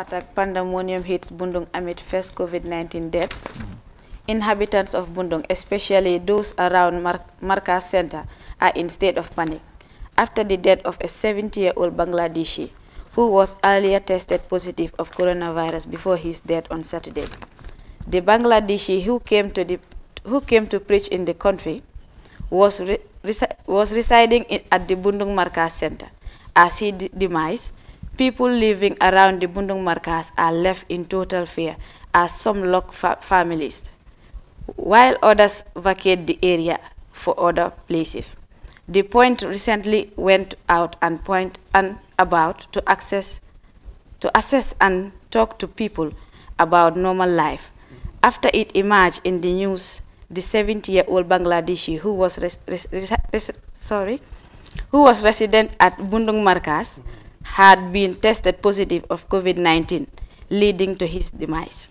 attack pandemonium hits Bundung amid first COVID-19 death. Mm-hmm. Inhabitants of Bundung, especially those around Mar Marka Center, are in state of panic after the death of a 70-year-old Bangladeshi who was earlier tested positive of coronavirus before his death on Saturday. The Bangladeshi who came to, the, who came to preach in the country was, re, was residing in, at the Bundung Marka Center. As he demise, People living around the Bundung Markas are left in total fear as some lock fa families, while others vacate the area for other places. The point recently went out and point and about to access to assess and talk to people about normal life. After it emerged in the news, the 70-year-old Bangladeshi who was res, res, res, sorry, who was resident at Bundung Markas mm -hmm had been tested positive of COVID-19, leading to his demise.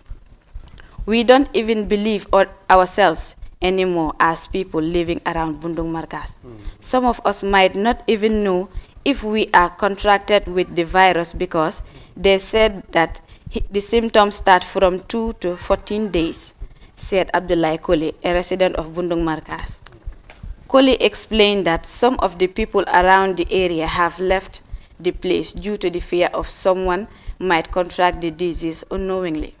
We don't even believe ourselves anymore as people living around Bundung Markas. Mm. Some of us might not even know if we are contracted with the virus because they said that the symptoms start from 2 to 14 days, said Abdullah Koli, a resident of Bundung Markas. Koli explained that some of the people around the area have left the place due to the fear of someone might contract the disease unknowingly.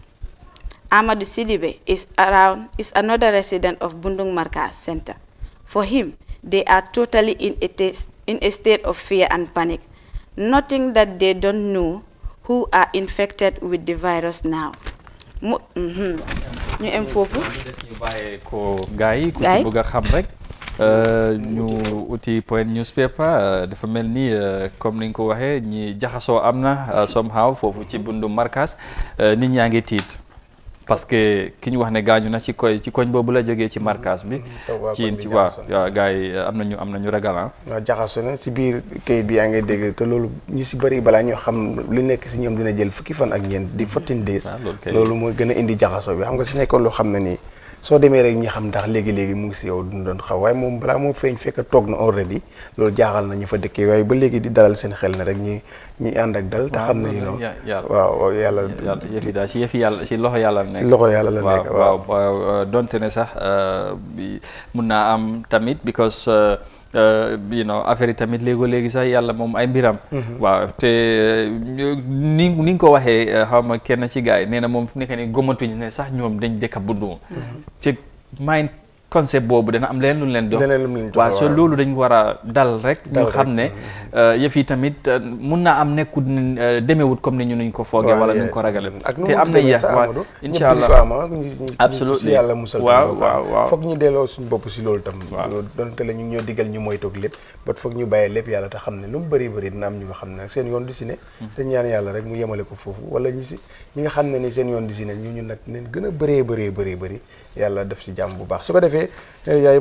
Amadou Sidibe is, around, is another resident of Bundung Markas Center. For him, they are totally in a, in a state of fear and panic, noting that they don't know who are infected with the virus now. mu mhm. ñu uti point newspaper euh, dafa mel ni euh, comme ni nga ko waxee ñi jaxasoo am na euh, somehow foofu ci bundu markas nit ñaa ngi tiit parce que ki ñu wax ne gaañu na ci koy ci koñ boobu la jógee ci markas bi. Mm-hmm. ci ci waa waaw gars yi am nañu am nañu ragal ah. waaw jaxasoo na si biir kayit bi yaa ngi dégg te loolu ñu si bëri balaa ñu xam lu nekk si ñoom dina jël fukki fan ak ngeen di fourteen days. Ah, loolu mooy gën a indi jaxasoo bi xam nga si nekkoon loo xam na nii. soo demee rek ñi xam ndax léegi-léegi mu ngi si yow duñu doon xaw waaye moom balaa moo feeñ fekk toog na already loolu jaaxal na ñu fa dëkkee waaye ba léegi di dalal seen xel na rek ñi ñi ànd ak dal te xam nañu noonu waaw yàlla yëf yi daal si yëf yàlla si loxo yàlla si loxo yàlla la nekk waaw waaw donte ne sax euh, mun naa am tamit because euh, Uh, you know affaire yi tamit léegoo léegi sax yàlla moom ay mbiram. Mhm. waaw te uh, ni ni nga ko waxee uh, xaw kenn ci gars yi nee na moom fu nekk nii gomatuñ ne sax ñoom dañ dëkk a bundu. ci mhm. mind concept boobu dana am leen lu leen jox waaw so loolu a dal rek ne euh, yëf tamit euh, mun naa am nekkul euh, demewut comme ni ñu nuñ ko foogee wala nuñ ko ragale te am na yeex waaw incha allah absolutely yàlla musal waaw waaw waaw foog ñu delloo suñu bopp si loolu tam donte la ñu ngi ñoo digal ñu moytoog lépp bat foog ñu bàyyee lépp yàlla te xam ne lu mu bëri bëri dina am ñu nga xam ne seen yoon di si ne hmm. te ñaan yàlla rek mu yemale ko foofu wala ñi si ñi nga xam ne ni seen yoon di si ne ñu ñu nag neen gën a bëree bëree bëree bëri yàlla def si jàmm bu baax su ko defee que eh,